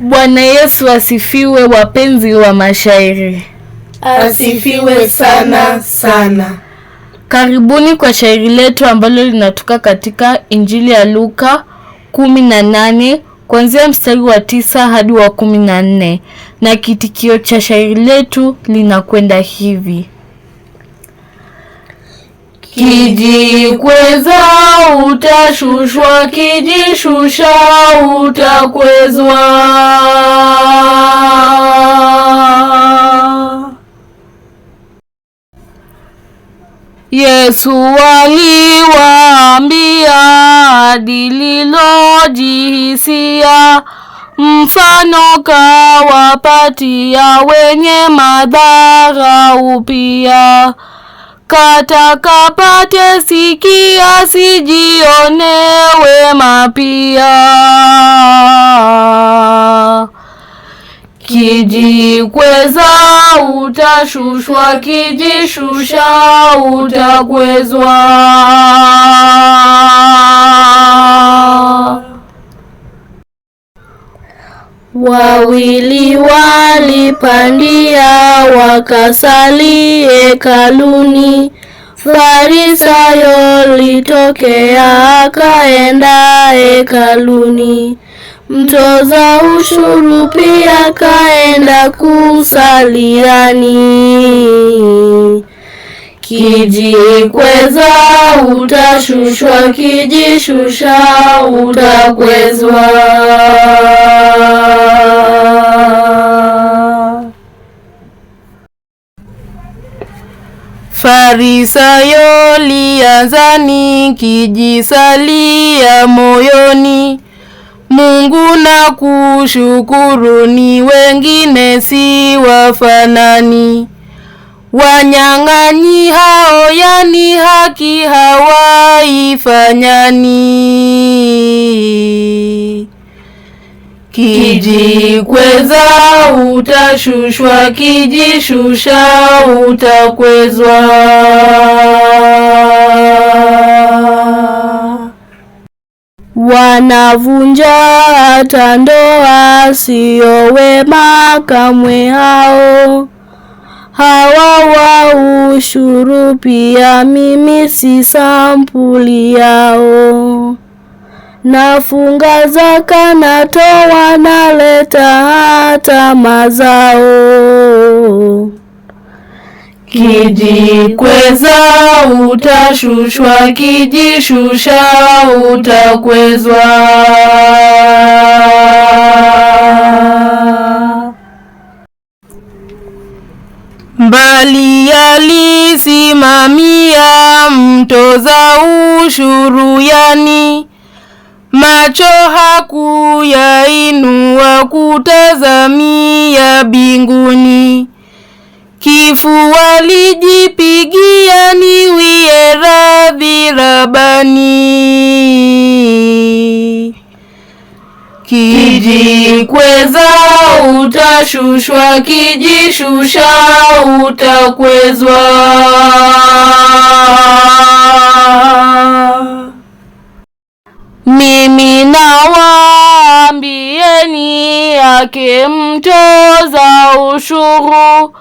Bwana Yesu asifiwe, wapenzi wa mashairi. Asifiwe sana sana. Karibuni kwa shairi letu ambalo linatoka katika Injili ya Luka 18 kuanzia mstari wa tisa hadi wa kumi na nne na kitikio cha shairi letu linakwenda hivi: kweza utashushwa, kijishusha utakwezwa. Yesu aliwaambia dililojihisia, mfano kawapatia wenye madharau pia katakapate sikia, sijione wema pia. Kijikweza utashushwa, kijishusha utakwezwa. Wawili walipandia wakasali hekaluni. Farisayo litokea akaenda hekaluni. Mtoza ushuru pia akaenda kusaliani. Kijikweza utashushwa, kijishusha utakwezwa. Farisayo lianzani, kijisalia moyoni, Mungu na kushukuru ni wengine si wafanani. Wanyang'anyi hao yani haki hawaifanyani Kijikweza utashushwa, kijishusha utakwezwa. Wanavunja hata ndoa, sio wema kamwe hao. Hawa wa ushuru pia, mimi si sampuli yao. Nafunga zaka, natoa, naleta hata mazao. Kijikweza utashushwa, kijishusha utakwezwa. Mbali yalisimamia mtoza ushuru yani Macho hakuyainua kutazamia binguni, kifu walijipigia niwie radhi Rabani. Kijikweza utashushwa, kijishusha utakwezwa. mtoza ushuru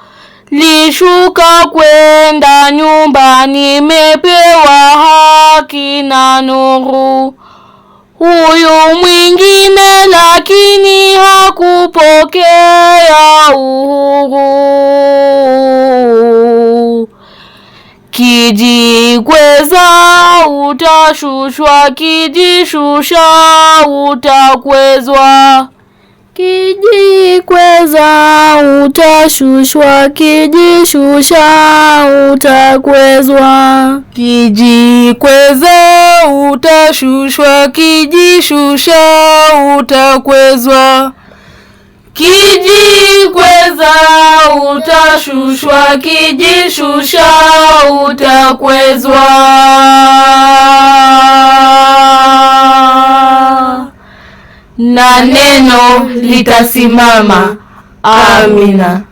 lishuka kwenda nyumba, nimepewa haki na nuru. Huyu mwingine lakini hakupokea uhuru. Kijikweza utashushwa, kijishusha utakwezwa. Kijikweza utashushwa, kijishusha utakwezwa. Kijikweza utashushwa, kijishusha utakwezwa. Kijikweza utashushwa, kijishusha utakwezwa. na neno litasimama. Amina.